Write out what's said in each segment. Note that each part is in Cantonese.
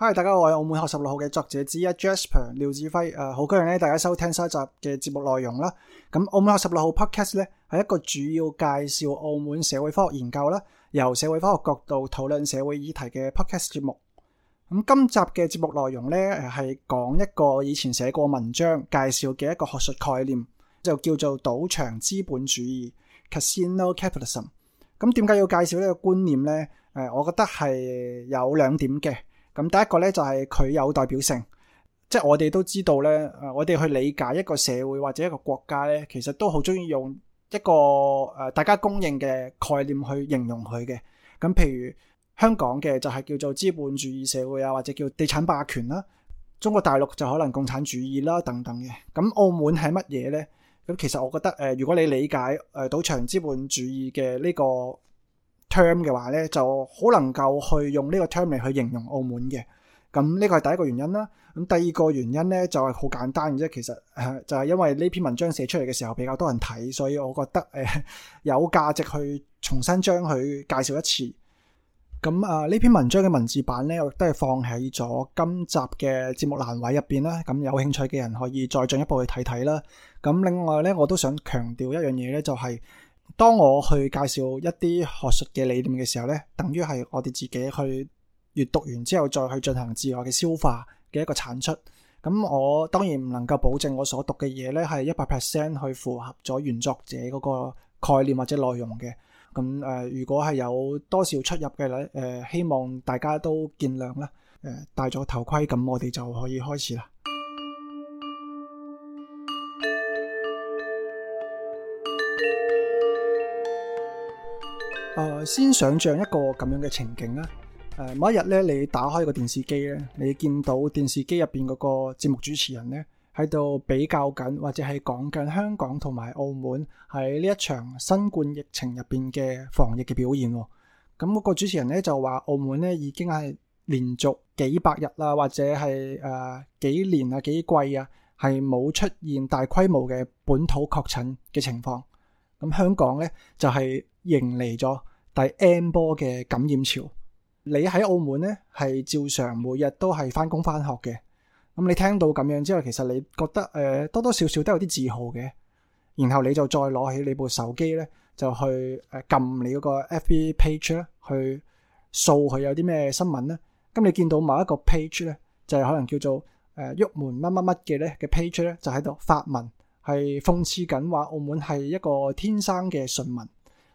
嗨，Hi, 大家好，我係澳門學十六號嘅作者之一 Jasper 廖志輝。誒、呃，好高興咧，大家收聽新一集嘅節目內容啦。咁澳門學十六號 Podcast 咧係一個主要介紹澳門社會科學研究啦，由社會科學角度討論社會議題嘅 Podcast 節目。咁今集嘅節目內容咧係講一個以前寫過文章介紹嘅一個學術概念，就叫做賭場資本主義 （Casino Capitalism）。咁點解要介紹呢個觀念咧？誒、呃，我覺得係有兩點嘅。咁第一個咧就係佢有代表性，即係我哋都知道咧，誒，我哋去理解一個社會或者一個國家咧，其實都好中意用一個誒大家公認嘅概念去形容佢嘅。咁譬如香港嘅就係叫做資本主義社會啊，或者叫地產霸權啦；中國大陸就可能共產主義啦等等嘅。咁澳門係乜嘢咧？咁其實我覺得誒，如果你理解誒賭場資本主義嘅呢個 term 嘅話咧就好能夠去用呢個 term 嚟去形容澳門嘅，咁呢個係第一個原因啦、啊。咁第二個原因咧就係、是、好簡單，即其實誒就係因為呢篇文章寫出嚟嘅時候比較多人睇，所以我覺得誒、呃、有價值去重新將佢介紹一次。咁啊呢篇文章嘅文字版咧，我都係放喺咗今集嘅節目欄位入邊啦。咁有興趣嘅人可以再進一步去睇睇啦。咁另外咧，我都想強調一樣嘢咧，就係、是。當我去介紹一啲學術嘅理念嘅時候呢，等於係我哋自己去閱讀完之後再去進行自我嘅消化嘅一個產出。咁我當然唔能夠保證我所讀嘅嘢呢係一百 percent 去符合咗原作者嗰個概念或者內容嘅。咁誒、呃，如果係有多少出入嘅咧，誒、呃，希望大家都見諒啦、呃。戴咗頭盔，咁我哋就可以開始啦。先想像一個咁樣嘅情景啦。誒某一日咧，你打開個電視機咧，你見到電視機入邊嗰個節目主持人咧喺度比較緊，或者係講緊香港同埋澳門喺呢一場新冠疫情入邊嘅防疫嘅表現。咁、那、嗰個主持人咧就話：澳門咧已經係連續幾百日啦，或者係誒幾年啊、幾季啊，係冇出現大規模嘅本土確診嘅情況。咁香港咧就係、是。迎嚟咗第 n 波嘅感染潮，你喺澳門咧，係照常每日都係翻工翻學嘅。咁你聽到咁樣之後，其實你覺得誒、呃、多多少少都有啲自豪嘅。然後你就再攞起你部手機咧，就去誒撳、呃、你嗰個 F B page 咧，去掃佢有啲咩新聞咧。咁你見到某一個 page 咧，就係、是、可能叫做誒鬱、呃、門乜乜乜嘅咧嘅 page 咧，就喺度發文係諷刺緊話澳門係一個天生嘅順民。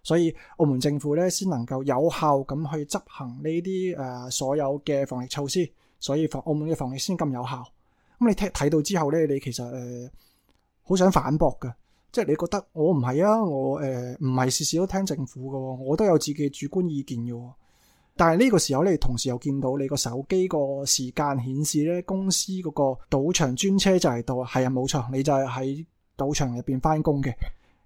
所以澳門政府咧先能夠有效咁去執行呢啲誒所有嘅防疫措施，所以防澳門嘅防疫先咁有效。咁你睇睇到之後咧，你其實誒好想反駁嘅，即係你覺得我唔係啊，我誒唔係事事都聽政府嘅，我都有自己主觀意見嘅。但係呢個時候咧，同時又見到你個手機個時間顯示咧，公司嗰個賭場專車就喺度，啊，係啊，冇錯，你就係喺賭場入邊翻工嘅。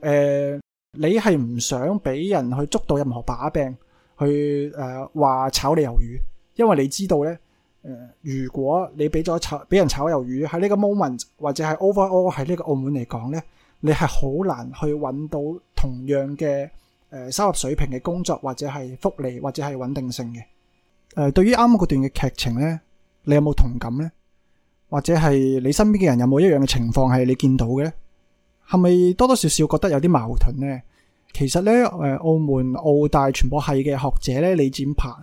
誒、呃，你係唔想俾人去捉到任何把柄去，去誒話炒你魷魚，因為你知道咧，誒、呃，如果你俾咗炒，俾人炒魷魚喺呢個 moment 或者係 overall 喺呢個澳門嚟講咧，你係好難去揾到同樣嘅誒、呃、收入水平嘅工作或者係福利或者係穩定性嘅。誒、呃，對於啱嗰段嘅劇情咧，你有冇同感咧？或者係你身邊嘅人有冇一樣嘅情況係你見到嘅？係咪多多少少覺得有啲矛盾呢？其實咧，誒，澳門澳大傳播系嘅學者咧，李展鵬，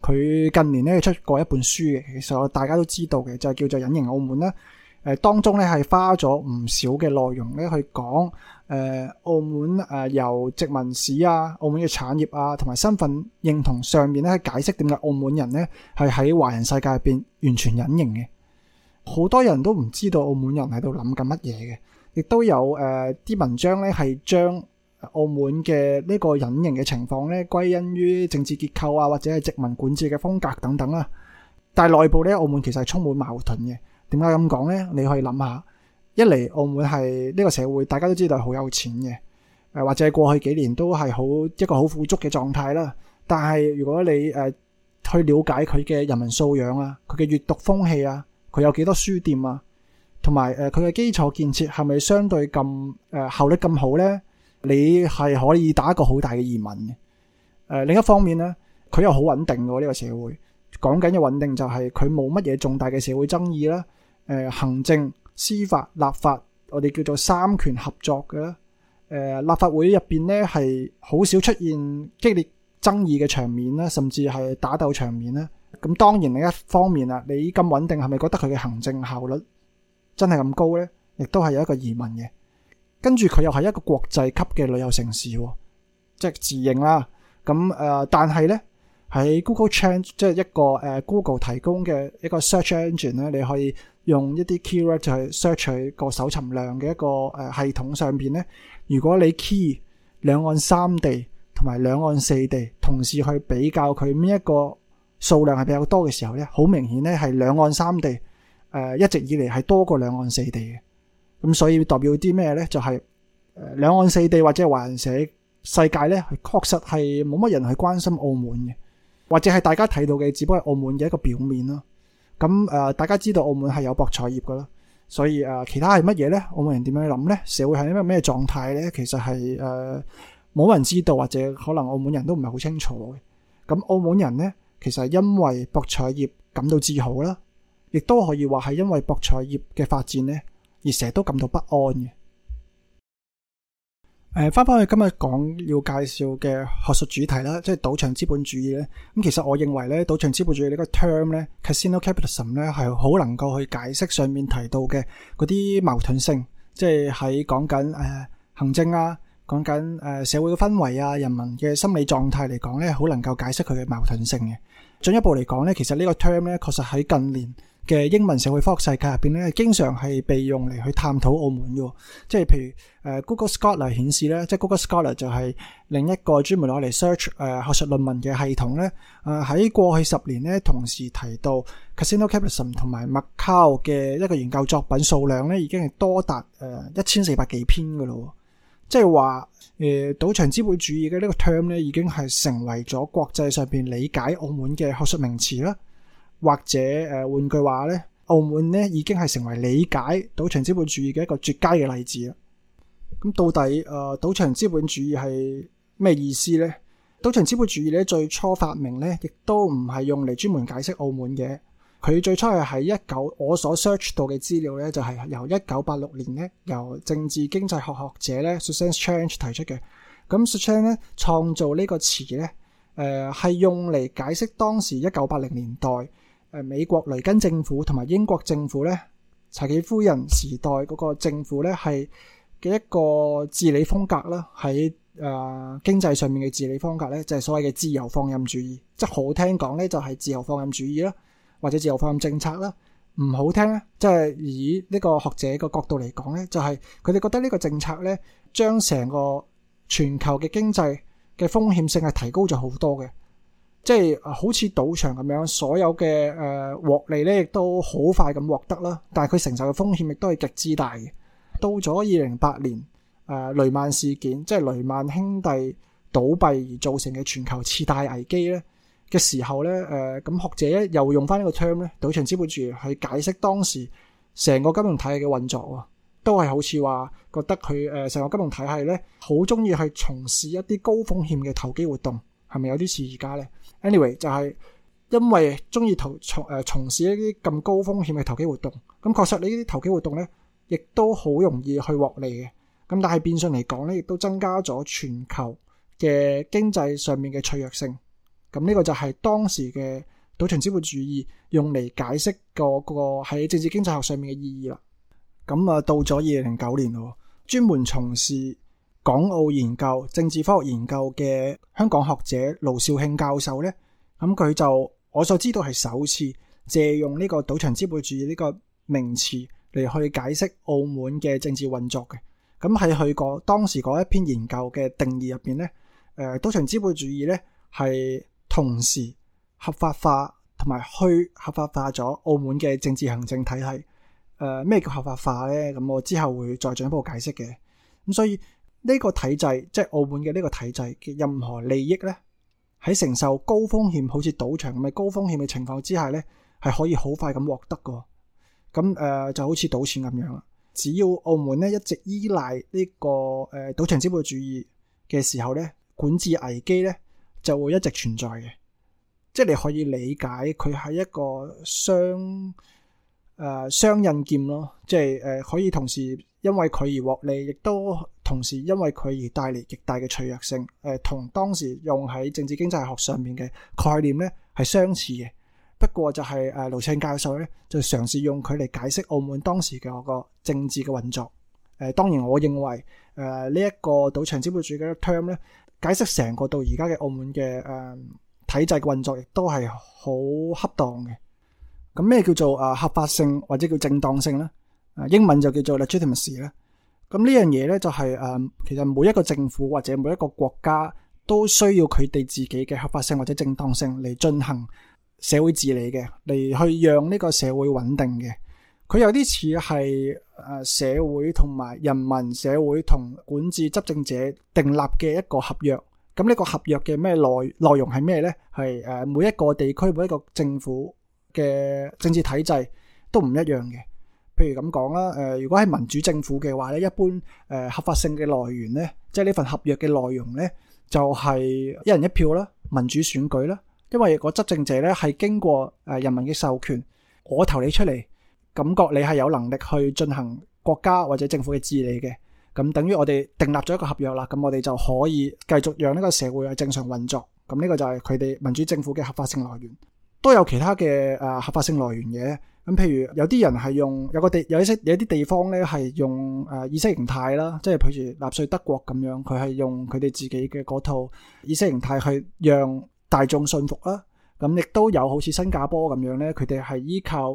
佢近年咧出過一本書嘅，其實我大家都知道嘅，就係叫做《隱形澳門》啦。呃，當中咧係花咗唔少嘅內容咧去講，誒，呃，澳門誒，呃，由殖民史啊、澳門嘅產業啊，同埋身份認同上面咧，是解釋點解澳門人咧係喺華人世界入邊完全隱形嘅，好多人都唔知道澳門人喺度諗緊乜嘢嘅。亦都有誒，啲文章咧，係將澳門嘅呢個隱形嘅情況咧歸因於政治結構啊，或者係殖民管治嘅風格等等啦。但係內部咧，澳門其實係充滿矛盾嘅。點解咁講咧？你可以諗下，一嚟澳門係呢個社會，大家都知道好有錢嘅，誒或者係過去幾年都係好一個好富足嘅狀態啦。但係如果你誒去了解佢嘅人民素養啊，佢嘅閱讀風氣啊，佢有幾多書店啊？同埋，誒，佢嘅基礎建設係咪相對咁誒效率咁好咧？你係可以打一個好大嘅疑問嘅。誒、呃，另一方面咧，佢又好穩定喎，呢、呢個社會。講緊嘅穩定就係佢冇乜嘢重大嘅社會爭議啦。誒、呃，行政、司法、立法，我哋叫做三權合作嘅。誒、呃，立法會入邊咧係好少出現激烈爭議嘅場面啦，甚至係打鬥場面啦。咁當然另一方面啦，你咁穩定係咪覺得佢嘅行政效率真係咁高呢，亦都係有一個疑問嘅。跟住佢又係一個國際級嘅旅遊城市，即係自認啦。咁誒，但係呢，喺 Google Trend 即係一個誒、呃、Google 提供嘅一個 search engine 咧，你可以用一啲 keyword 去 search 佢個搜尋量嘅一個誒、呃、系統上邊呢，如果你 key 兩岸三地同埋兩岸四地同時去比較佢咩一個數量係比較多嘅時候呢，好明顯呢係兩岸三地。誒，一直以嚟係多過兩岸四地嘅，咁所以代表啲咩呢？就係誒，兩岸四地或者華人社世界呢，係確實係冇乜人去關心澳門嘅，或者係大家睇到嘅，只不過係澳門嘅一個表面啦。咁誒，大家知道澳門係有博彩業噶啦，所以誒，其他係乜嘢呢？澳門人點樣諗呢？社會係咩咩狀態呢？其實係誒，冇人知道，或者可能澳門人都唔係好清楚嘅。咁澳門人呢，其實係因為博彩業感到自豪啦。亦都可以話係因為博彩業嘅發展咧，而成日都感到不安嘅。誒，翻返去今日講要介紹嘅學術主題啦，即係賭場資本主義咧。咁其實我認為咧，賭場資本主義呢個 term 咧，casino capitalism 咧，係好能夠去解釋上面提到嘅嗰啲矛盾性，即係喺講緊誒行政啊，講緊誒社會嘅氛圍啊，人民嘅心理狀態嚟講咧，好能夠解釋佢嘅矛盾性嘅。進一步嚟講咧，其實呢個 term 咧，確實喺近年。嘅英文社會科學世界入面咧，經常係被用嚟去探討澳門嘅、哦。即係譬如、呃、Google Scholar 顯示咧，即係 Google Scholar 就係另一個專門攞嚟 search 誒學術論文嘅系統咧。喺、呃、過去十年咧，同時提到 casino capitalism 同埋 Macau 嘅一個研究作品數量咧，已經係多達誒一千四百幾篇嘅咯。即係話誒，賭、呃、場資本主義嘅呢個 term 咧，已經係成為咗國際上面理解澳門嘅學術名詞啦。或者誒換句話咧，澳門咧已經係成為理解賭場資本主義嘅一個絕佳嘅例子啦。咁到底誒賭場資本主義係咩意思咧？賭場資本主義咧最初發明咧，亦都唔係用嚟專門解釋澳門嘅。佢最初係喺一九我所 search 到嘅資料咧，就係由一九八六年咧，由政治經濟學學者咧 Susan Strange 提出嘅。咁 Strange 咧創造呢個詞咧，誒、呃、係用嚟解釋當時一九八零年代。誒美國雷根政府同埋英國政府咧，柴契夫人時代嗰個政府咧，係嘅一個治理風格啦，喺誒經濟上面嘅治理風格咧，就係所謂嘅自由放任主義，即係好聽講咧，就係自由放任主義啦，或者自由放任政策啦。唔好聽咧，即係以呢個學者嘅角度嚟講咧，就係佢哋覺得呢個政策咧，將成個全球嘅經濟嘅風險性係提高咗好多嘅。即係好似賭場咁樣，所有嘅誒獲利咧，亦都好快咁獲得啦。但係佢承受嘅風險亦都係極之大嘅。到咗二零零八年誒、呃、雷曼事件，即係雷曼兄弟倒閉而造成嘅全球次貸危機咧嘅時候咧，誒、呃、咁學者又用返呢個 term 咧，賭場資本主義去解釋當時成個金融體系嘅運作，啊，都係好似話覺得佢誒成個金融體系咧，好中意去從事一啲高風險嘅投機活動，係咪有啲似而家咧？Anyway，就係因為鍾意投從誒從事一啲咁高風險嘅投機活動，咁確實呢啲投機活動咧，亦都好容易去獲利嘅。咁但係變相嚟講咧，亦都增加咗全球嘅經濟上面嘅脆弱性。咁呢個就係當時嘅賭場資本主義用嚟解釋個嗰個喺政治經濟學上面嘅意義啦。咁啊，到咗二零零九年咯，專門從事。港澳研究、政治科學研究嘅香港學者盧兆興教授咧，咁、嗯、佢就我所知道係首次借用呢個賭場資本主義呢個名詞嚟去解釋澳門嘅政治運作嘅。咁喺佢嗰當時嗰一篇研究嘅定義入邊咧，誒、呃、賭場資本主義咧係同時合法化同埋去合法化咗澳門嘅政治行政體系。誒、呃、咩叫合法化咧？咁、嗯、我之後會再進一步解釋嘅。咁、嗯、所以。呢個體制即係澳門嘅呢個體制嘅任何利益咧，喺承受高風險，好似賭場咁嘅高風險嘅情況之下咧，係可以好快咁獲得噶。咁誒、呃、就好似賭錢咁樣啦。只要澳門咧一直依賴呢、這個誒、呃、賭場資本主義嘅時候咧，管治危機咧就會一直存在嘅。即係你可以理解佢係一個雙誒、呃、雙刃劍咯，即係誒、呃、可以同時因為佢而獲利，亦都。同時因為佢而帶嚟極大嘅脆弱性，誒、呃，同當時用喺政治經濟學上面嘅概念咧係相似嘅。不過就係、是、誒，盧、啊、兆興教授咧就嘗試用佢嚟解釋澳門當時嘅個政治嘅運作。誒、呃，當然我認為誒呢一個賭場資本主義嘅 term 咧，解釋成個到而家嘅澳門嘅誒、呃、體制嘅運作亦都係好恰當嘅。咁咩叫做誒、啊、合法性或者叫正當性咧？誒、啊，英文就叫做 legitimacy 咧。咁呢樣嘢咧，就係誒，其實每一個政府或者每一個國家都需要佢哋自己嘅合法性或者正當性嚟進行社會治理嘅，嚟去讓呢個社會穩定嘅。佢有啲似係誒社會同埋人民社會同管治執政者訂立嘅一個合約。咁呢個合約嘅咩內內容係咩咧？係誒，每一個地區每一個政府嘅政治體制都唔一樣嘅。譬如咁講啦，誒，如果係民主政府嘅話咧，一般誒合法性嘅來源咧，即係呢份合約嘅內容咧，就係一人一票啦，民主選舉啦，因為個執政者咧係經過誒人民嘅授權，我投你出嚟，感覺你係有能力去進行國家或者政府嘅治理嘅，咁等於我哋訂立咗一個合約啦，咁我哋就可以繼續讓呢個社會係正常運作，咁呢個就係佢哋民主政府嘅合法性來源，都有其他嘅誒合法性來源嘅。咁譬如有啲人係用有個地有啲有啲地方咧係用誒意識形態啦，即係譬如納粹德國咁樣，佢係用佢哋自己嘅嗰套意識形態去讓大眾信服啦。咁亦都有好似新加坡咁樣咧，佢哋係依靠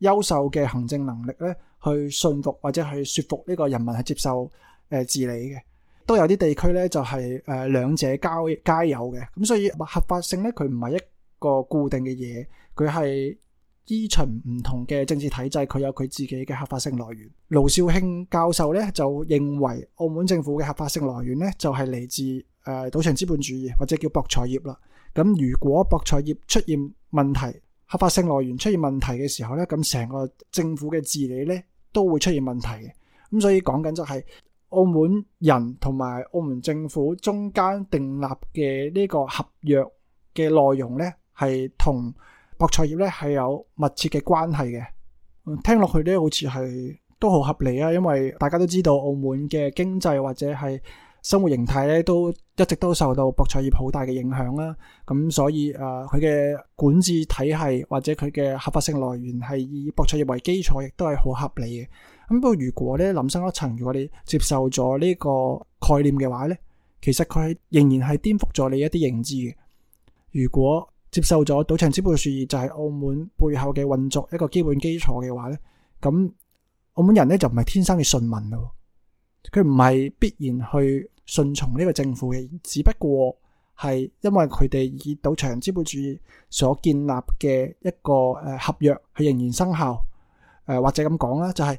優秀嘅行政能力咧去信服或者去説服呢個人民係接受誒治理嘅。都有啲地區咧就係誒兩者交皆有嘅。咁所以合法性咧，佢唔係一個固定嘅嘢，佢係。依循唔同嘅政治體制，佢有佢自己嘅合法性來源。盧兆興教授咧就認為，澳門政府嘅合法性來源咧就係嚟自誒賭場資本主義或者叫博彩業啦。咁如果博彩業出現問題，合法性來源出現問題嘅時候咧，咁成個政府嘅治理咧都會出現問題嘅。咁所以講緊就係澳門人同埋澳門政府中間訂立嘅呢個合約嘅內容咧係同。博彩業咧係有密切嘅關係嘅，聽落去咧好似係都好合理啊，因為大家都知道澳門嘅經濟或者係生活形態咧都一直都受到博彩業好大嘅影響啦，咁所以誒佢嘅管治體系或者佢嘅合法性來源係以博彩業為基礎，亦都係好合理嘅。咁不過如果咧諗深一層，如果你接受咗呢個概念嘅話咧，其實佢仍然係顛覆咗你一啲認知嘅。如果接受咗賭場資本主義就係澳門背後嘅運作一個基本基礎嘅話咧，咁澳門人咧就唔係天生嘅順民咯，佢唔係必然去順從呢個政府嘅，只不過係因為佢哋以賭場資本主義所建立嘅一個誒合約，係仍然生效，誒、呃、或者咁講啦，就係、是。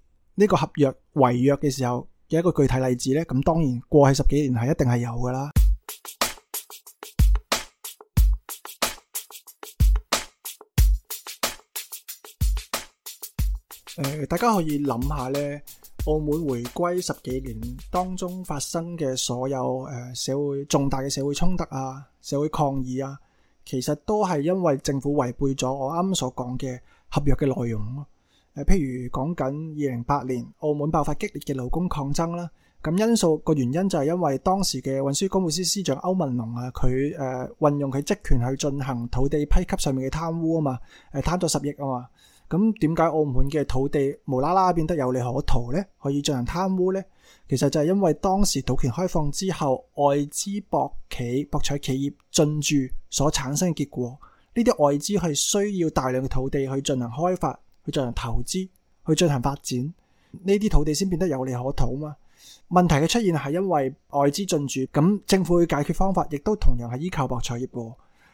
呢個合約違約嘅時候嘅一個具體例子呢。咁當然過去十幾年係一定係有噶啦，呃，大家可以諗下呢，澳門回歸十幾年當中發生嘅所有，誒、呃，社會重大嘅社會衝突啊、社會抗議啊，其實都係因為政府違背咗我啱啱所講嘅合約嘅內容啊。譬如講緊二零八年澳門爆發激烈嘅勞工抗爭啦，咁因素個原因就係因為當時嘅運輸工務司司長歐文龍啊，佢誒運用佢職權去進行土地批給上面嘅貪污啊嘛，誒貪咗十億啊嘛。咁點解澳門嘅土地無啦啦變得有利可圖呢？可以進行貪污呢？其實就係因為當時賭權開放之後，外資博企、博彩企業進駐所產生嘅結果。呢啲外資係需要大量嘅土地去進行開發。進行投資去進行發展，呢啲土地先變得有利可圖嘛。問題嘅出現係因為外資進駐，咁政府嘅解決方法亦都同樣係依靠博彩業。誒、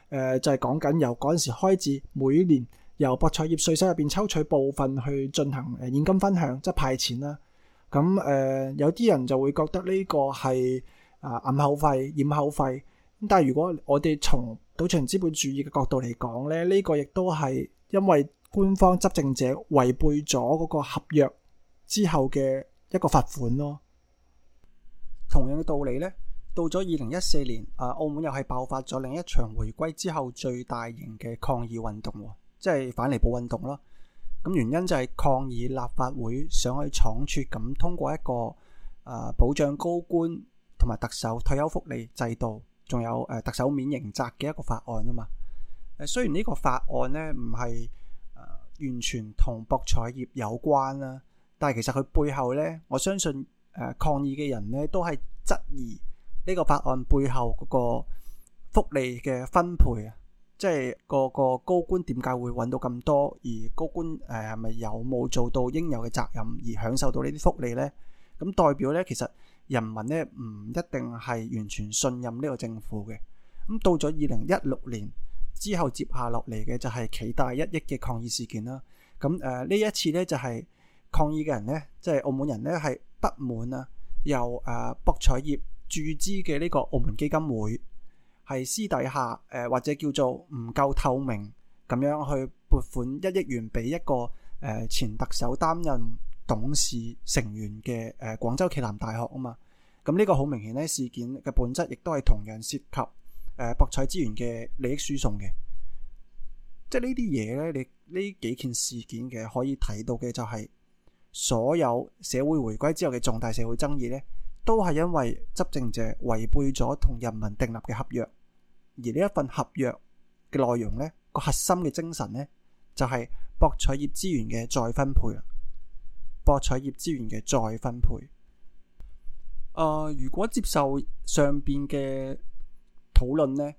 呃，就係講緊由嗰陣時開始，每年由博彩業稅收入邊抽取部分去進行誒現金分享，即係派錢啦。咁誒、呃，有啲人就會覺得呢個係啊暗口費、掩口費。但係如果我哋從賭場資本主義嘅角度嚟講咧，呢、呢個亦都係因為。官方執政者違背咗嗰個合約之後嘅一個罰款咯同，同樣嘅道理呢，到咗二零一四年，啊，澳門又係爆發咗另一場回歸之後最大型嘅抗議運動，啊、即係反離保運動咯。咁、啊、原因就係抗議立法會想去倉促咁通過一個啊保障高官同埋特首退休福利制度，仲有誒、啊、特首免刑責嘅一個法案啊嘛。誒雖然呢個法案呢唔係完全同博彩業有關啦，但係其實佢背後呢，我相信誒抗議嘅人呢都係質疑呢個法案背後嗰個福利嘅分配啊，即係個個高官點解會揾到咁多，而高官誒係咪有冇做到應有嘅責任而享受到呢啲福利呢？咁代表呢，其實人民呢唔一定係完全信任呢個政府嘅。咁到咗二零一六年。之後接下落嚟嘅就係暨大一億嘅抗議事件啦。咁呢一次咧就係抗議嘅人咧，即係澳門人咧係不滿啊，由博彩業注資嘅呢個澳門基金會係私底下或者叫做唔夠透明，咁樣去撥款一億元俾一個誒前特首擔任董事成員嘅誒廣州暨南大學啊嘛。咁呢個好明顯咧，事件嘅本質亦都係同樣涉及。誒，博彩資源嘅利益輸送嘅，即係呢啲嘢咧，你呢幾件事件嘅可以睇到嘅就係所有社會回歸之後嘅重大社會爭議咧，都係因為執政者違背咗同人民訂立嘅合約，而呢一份合約嘅內容咧，個核心嘅精神咧，就係、是、博彩業資源嘅再分配啊！博彩業資源嘅再分配，啊、呃，如果接受上邊嘅。討論呢，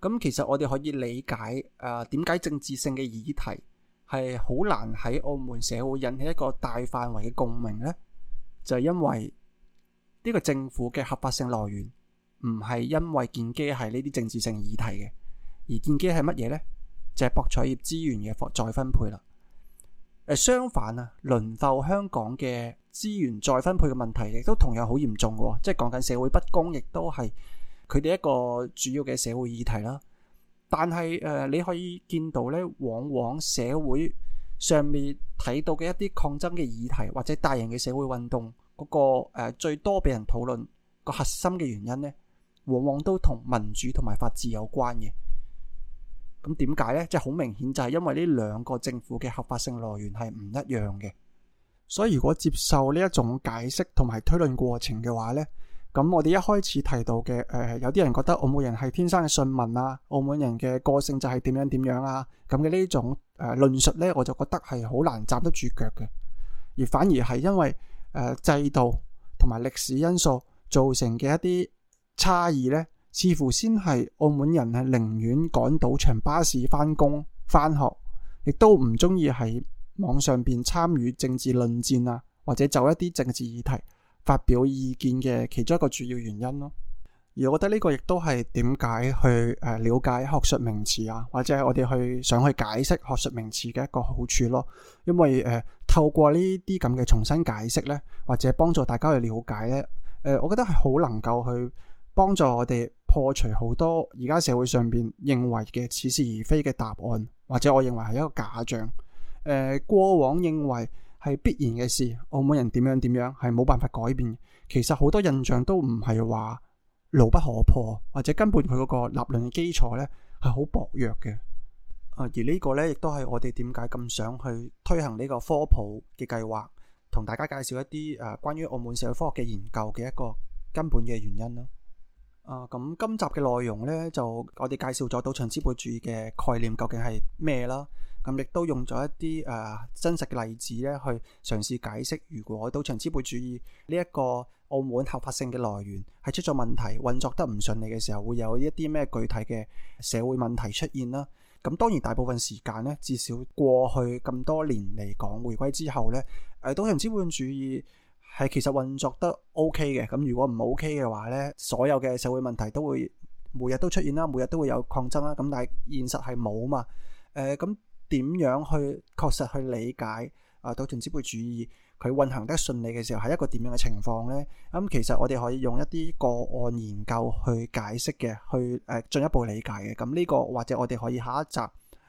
咁其實我哋可以理解誒點解政治性嘅議題係好難喺澳門社會引起一個大範圍嘅共鳴呢，就係、是、因為呢個政府嘅合法性來源唔係因為建基係呢啲政治性議題嘅，而建基係乜嘢呢？就係、是、博彩業資源嘅再分配啦、呃。相反啊，輪覆香港嘅資源再分配嘅問題亦都同樣好嚴重嘅喎、哦，即係講緊社會不公，亦都係。佢哋一個主要嘅社會議題啦，但係，但係誒你可以見到咧，往往社會上面睇到嘅一啲抗爭嘅議題，或者大型嘅社會運動嗰、嗰個、呃、最多俾人討論個核心嘅原因咧，往往都同民主同埋法治有關嘅。咁點解咧？即係好明顯就係因為呢兩個政府嘅合法性來源係唔一樣嘅。所以如果接受呢一種解釋同埋推論過程嘅話咧。咁我哋一開始提到嘅，誒、呃、有啲人覺得澳門人係天生嘅信民啊，澳門人嘅個性就係點樣點樣啊，咁嘅呢種誒論、呃、述呢，我就覺得係好難站得住腳嘅，而反而係因為誒、呃、制度同埋歷史因素造成嘅一啲差異呢，似乎先係澳門人係寧願趕賭場巴士返工返學，亦都唔中意喺網上邊參與政治論戰啊，或者就一啲政治議題發表意見嘅其中一個主要原因咯，而我覺得呢個亦都係點解去誒了解學術名詞啊，或者係我哋去想去解釋學術名詞嘅一個好處咯。因為誒、呃、透過呢啲咁嘅重新解釋呢，或者幫助大家去了解呢，誒、呃，我覺得係好能夠去幫助我哋破除好多而家社會上邊認為嘅似是而非嘅答案，或者我認為係一個假象。誒、呃，過往認為。係必然嘅事，澳門人點樣點樣係冇辦法改變嘅。其實好多印象都唔係話牢不可破，或者根本佢嗰個立論嘅基礎呢係好薄弱嘅。而呢個呢，亦都係我哋點解咁想去推行呢個科普嘅計劃，同大家介紹一啲誒關於澳門社會科學嘅研究嘅一個根本嘅原因咯。啊，咁今集嘅內容呢，就我哋介紹咗賭場資本主義嘅概念究竟係咩啦？咁亦都用咗一啲誒真實嘅例子咧，去嘗試解釋，如果賭場資本主義呢一個澳門合法性嘅來源係出咗問題，運作得唔順利嘅時候，會有一啲咩具體嘅社會問題出現啦。咁當然大部分時間咧，至少過去咁多年嚟講，回歸之後咧，誒賭場資本主義係其實運作得 OK 嘅。咁如果唔 OK 嘅話咧，所有嘅社會問題都會每日都出現啦，每日都會有抗爭啦。咁但係現實係冇嘛？誒咁。點樣去確實去理解啊？賭場資本主義佢運行得順利嘅時候係一個點樣嘅情況呢？咁、嗯、其實我哋可以用一啲個案研究去解釋嘅，去誒、呃、進一步理解嘅。咁呢、這個或者我哋可以下一集、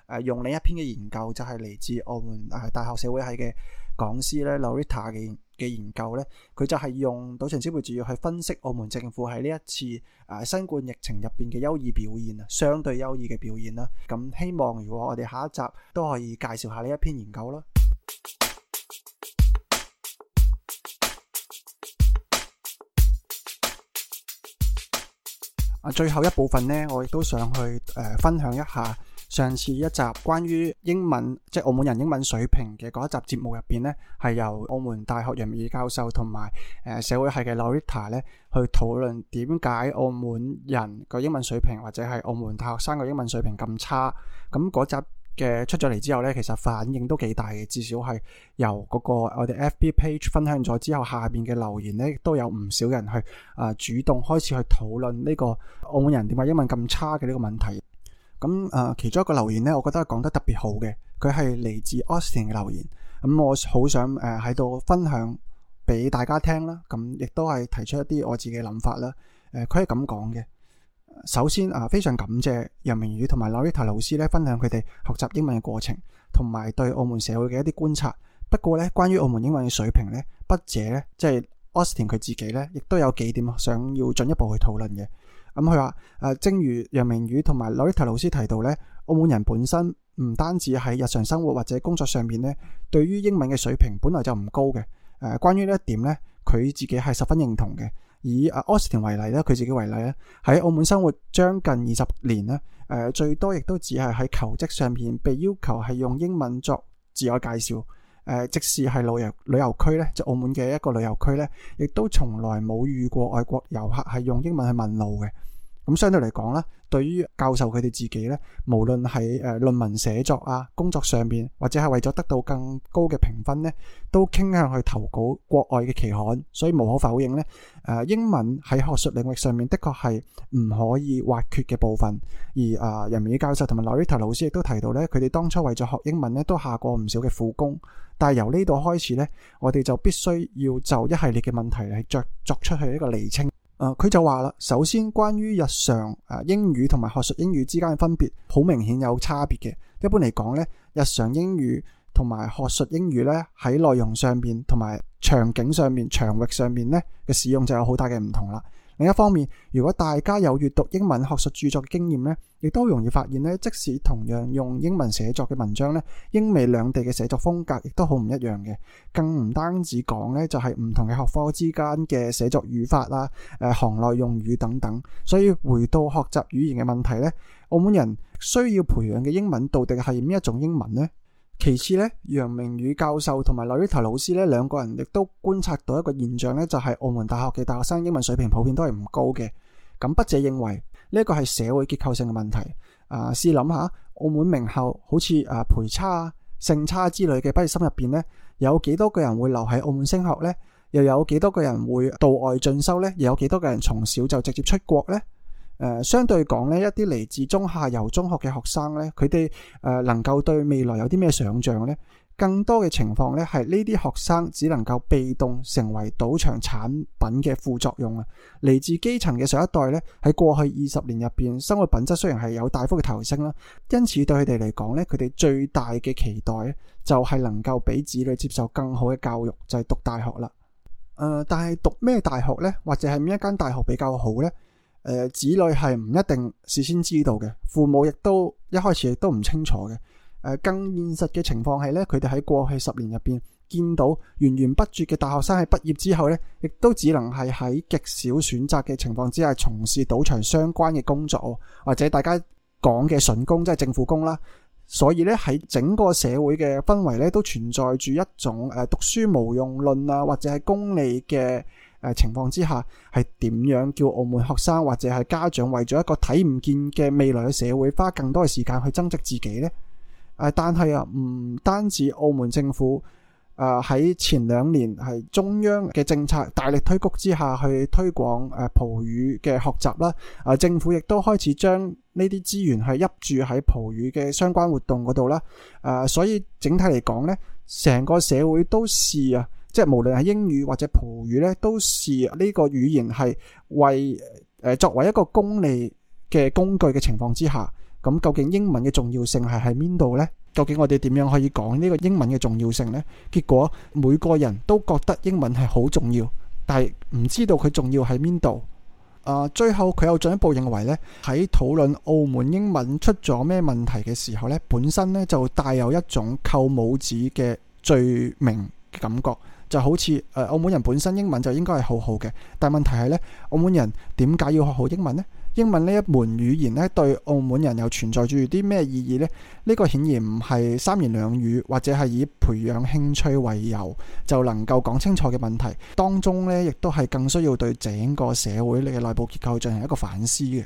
呃、用另一篇嘅研究，就係嚟自澳門大學社會系嘅講師咧，Lorita 嘅。嘅研究咧，佢就係用賭場資本主義，主要去分析澳門政府喺呢一次啊、呃、新冠疫情入邊嘅優異表現啊，相對優異嘅表現啊。咁希望如果我哋下一集都可以介紹下呢一篇研究啦。啊，最後一部分咧，我亦都想去誒、呃、分享一下。上次一集關於英文即係澳門人英文水平嘅嗰一集節目入邊呢，係由澳門大學楊鳴宇教授同埋誒、社會系嘅 l o r i t a 咧去討論，點解澳門人個英文水平或者係澳門大學生個英文水平咁差。咁嗰集嘅出咗嚟之後呢，其實反應都幾大嘅，至少係由嗰個我哋 FB page 分享咗之後，下邊嘅留言呢，都有唔少人去啊、呃、主動開始去討論呢個澳門人點解英文咁差嘅呢個問題。咁誒、呃，其中一個留言咧，我覺得講得特別好嘅，佢係嚟自 Austin 嘅留言。咁、嗯、我好想誒喺度分享俾大家聽啦。咁、嗯、亦都係提出一啲我自己嘅諗法啦。誒、呃，佢係咁講嘅。首先啊、呃，非常感謝楊明宇同埋 Loretta 老師咧，分享佢哋學習英文嘅過程，同埋對澳門社會嘅一啲觀察。不過咧，關於澳門英文嘅水平咧，筆者咧即係、就是、Austin 佢自己咧，亦都有幾點想要進一步去討論嘅。咁佢話誒，正如楊明宇同埋羅一婷老師提到咧，澳門人本身唔單止喺日常生活或者工作上面咧，對於英文嘅水平本來就唔高嘅。誒、呃，關於呢一點咧，佢自己係十分認同嘅。以阿 Austin 為例咧，佢自己為例咧，喺澳門生活將近二十年咧、呃，最多亦都只係喺求職上面被要求係用英文作自我介紹。誒、呃，即使係旅遊旅遊區呢，就澳門嘅一個旅遊區呢，亦都從來冇遇過外國遊客係用英文去問路嘅。咁相對嚟講咧，對於教授佢哋自己咧，無論係誒論文寫作啊、工作上面，或者係為咗得到更高嘅評分咧，都傾向去投稿國外嘅期刊。所以無可否認咧，誒英文喺學術領域上面，的確係唔可以或缺嘅部分。而啊，人民嘅教授同埋 Lauretta 老師亦都提到咧，佢哋當初為咗學英文咧，都下過唔少嘅苦功。但係由呢度開始咧，我哋就必須要就一系列嘅問題嚟作作出去一個釐清。誒佢、呃、就話啦，首先關於日,、啊、日常英語同埋學術英語之間嘅分別，好明顯有差別嘅。一般嚟講呢，日常英語同埋學術英語呢，喺內容上面同埋場景上面、場域上面呢嘅使用就有好大嘅唔同啦。另一方面，如果大家有閱讀英文學術著作的經驗，亦都容易發現即使同樣用英文寫作的文章，英美兩地的寫作風格亦都好唔一樣的。更唔單止講就是不同的學科之間的寫作語法，誒，行內用語等等。所以回到學習語言的問題，澳門人需要培養的英文到底是邊一種英文呢？其次咧，楊明宇教授同埋劉玉頭老師咧，兩個人亦都觀察到一個現象咧，就係、是、澳門大學嘅大學生英文水平普遍都係唔高嘅。咁筆者認為呢、呢個係社會結構性嘅問題。啊，試諗下澳門名校好似啊培差、聖差之類嘅，畢業生入邊咧有幾多個人會留喺澳門升學咧？又有幾多個人會到外進修咧？又有幾多個人從小就直接出國咧？誒、呃，相對講咧，一啲嚟自中下游中學嘅學生咧，佢哋誒能夠對未來有啲咩想象呢？更多嘅情況咧，係呢啲學生只能夠被動成為賭場產品嘅副作用啊！嚟自基層嘅上一代咧，喺過去二十年入邊，生活品質雖然係有大幅嘅提升啦，因此對佢哋嚟講咧，佢哋最大嘅期待呢就係、是、能夠俾子女接受更好嘅教育，就係、是、讀大學啦。誒、呃，但係讀咩大學呢？或者係邊一間大學比較好呢？呃、子女係唔一定事先知道嘅，父母亦都一開始亦都唔清楚嘅，呃。更現實嘅情況係咧，佢哋喺過去十年入邊見到源源不絕嘅大學生喺畢業之後咧，亦都只能係喺極少選擇嘅情況之下從事賭場相關嘅工作，或者大家講嘅筍工，即、就、係、是、政府工啦。所以咧喺整個社會嘅氛圍咧，都存在住一種誒、呃、讀書無用論啊，或者係功利嘅，情況之下，係點樣叫澳門學生或者係家長為咗一個睇唔見嘅未來嘅社會，花更多嘅時間去增值自己呢？誒、啊，但係啊，唔單止澳門政府誒喺、啊、前兩年係中央嘅政策大力推谷之下去推廣誒葡、啊、語嘅學習啦，啊，政府亦都開始將呢啲資源係入住喺葡語嘅相關活動嗰度啦。誒、啊，所以整體嚟講呢，成個社會都是啊。即係，無論係英語或者葡語咧，都是呢個語言係為誒作為一個功利嘅工具嘅情況之下。咁究竟英文嘅重要性係喺邊度咧？究竟我哋點樣可以講呢個英文嘅重要性咧？結果每個人都覺得英文係好重要，但係唔知道佢重要喺邊度。啊，最後佢又進一步認為咧，喺討論澳門英文出咗咩問題嘅時候咧，本身咧就帶有一種扣帽子嘅罪名嘅感覺。就好似誒、呃、澳門人本身英文就應該係好好嘅，但問題係呢，澳門人點解要學好英文呢？英文呢一門語言呢，對澳門人又存在住啲咩意義呢？呢、呢個顯然唔係三言兩語或者係以培養興趣為由，就能夠講清楚嘅問題。當中呢，亦都係更需要對整個社會嘅內部結構進行一個反思嘅。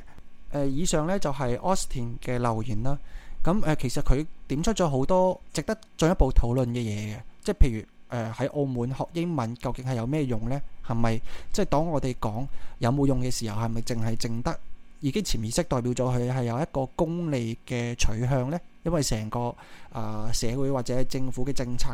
以上呢，就係 Austin 嘅留言啦。咁誒，其實佢點出咗好多值得進一步討論嘅嘢嘅，即係譬如。誒喺、呃、澳門學英文究竟係有咩用呢？係咪即係當我哋講有冇用嘅時候，係咪淨係淨得已經潛意識代表咗佢係有一個功利嘅取向呢？因為成個啊、呃、社會或者政府嘅政策。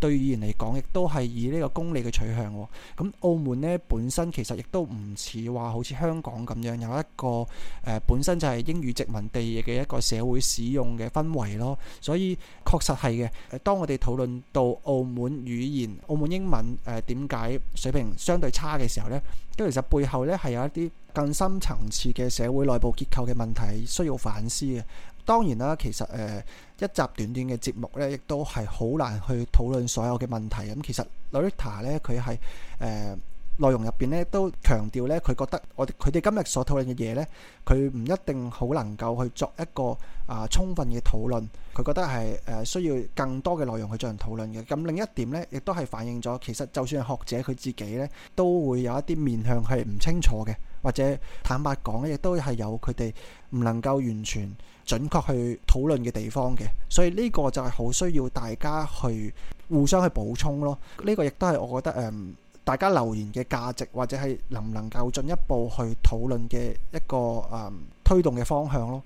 對語言嚟講，亦都係以呢個功利嘅取向，哦。咁澳門呢，本身其實亦都唔似話好似香港咁樣有一個誒、呃、本身就係英語殖民地嘅一個社會使用嘅氛圍咯。所以確實係嘅。當我哋討論到澳門語言、澳門英文誒點解水平相對差嘅時候呢，咁其實背後呢係有一啲更深層次嘅社會內部結構嘅問題需要反思嘅。當然啦，其實誒、呃、一集短短嘅節目呢，亦都係好難去討論所有嘅問題。咁、嗯、其實 Lirita 呢，佢係誒。呃內容入邊咧都強調咧，佢覺得我佢哋今日所討論嘅嘢咧，佢唔一定好能夠去作一個啊充分嘅討論。佢覺得係誒需要更多嘅內容去進行討論嘅。咁另一點咧，亦都係反映咗，其實就算係學者佢自己咧，都會有一啲面向係唔清楚嘅，或者坦白講，亦都係有佢哋唔能夠完全準確去討論嘅地方嘅。所以呢個就係好需要大家去互相去補充咯。呢個亦都係我覺得誒。嗯大家留言嘅價值或者係能唔能夠進一步去討論嘅一個誒、嗯、推動嘅方向咯。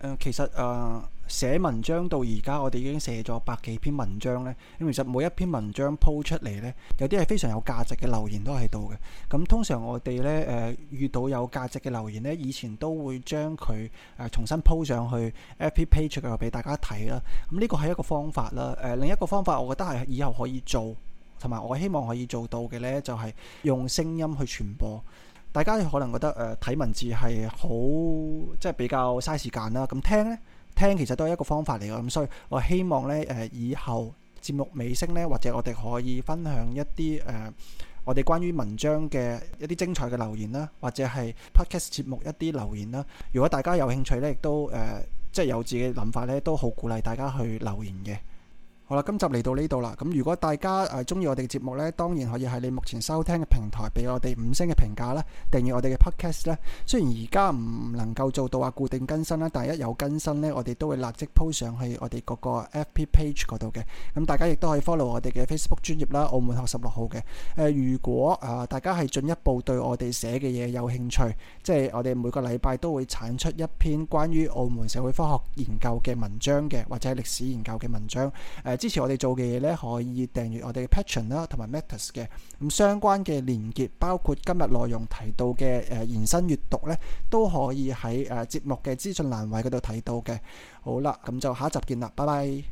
呃、其實誒、呃、寫文章到而家，我哋已經寫咗百幾篇文章呢。咁其實每一篇文章鋪出嚟呢，有啲係非常有價值嘅留言都喺度嘅。咁通常我哋呢，誒、呃、遇到有價值嘅留言呢，以前都會將佢誒、呃、重新鋪上去 App Page 嘅俾大家睇啦。咁呢個係一個方法啦。誒、呃、另一個方法，我覺得係以後可以做。同埋我希望可以做到嘅呢，就係用聲音去傳播。大家可能覺得誒睇文字係好即係比較嘥時間啦。咁聽呢，聽其實都係一個方法嚟嘅。咁所以，我希望呢，誒以後節目尾聲呢，或者我哋可以分享一啲誒我哋關於文章嘅一啲精彩嘅留言啦，或者係 podcast 節目一啲留言啦。如果大家有興趣呢，亦都誒即係有自己諗法呢，都好鼓勵大家去留言嘅。好啦，今集嚟到呢度啦，咁如果大家誒中意我哋嘅節目呢，當然可以喺你目前收聽嘅平台俾我哋五星嘅評價啦，訂閱我哋嘅 Podcast 呢。雖然而家唔能夠做到啊固定更新啦，但係一有更新呢，我哋都會立即鋪上去我哋嗰個 FB Page 嗰度嘅。咁大家亦都可以 follow 我哋嘅 Facebook 專頁啦，澳門學十六號嘅。誒，如果誒大家係進一步對我哋寫嘅嘢有興趣，即係我哋每個禮拜都會產出一篇關於澳門社會科學研究嘅文章嘅，或者係歷史研究嘅文章，誒。支持我哋做嘅嘢咧，可以訂閱我哋嘅 Patreon 啦，同埋 Matters 嘅咁相關嘅連結，包括今日內容提到嘅誒、呃、延伸閱讀咧，都可以喺誒節目嘅資訊欄位嗰度睇到嘅。好啦，咁就下一集見啦，拜拜。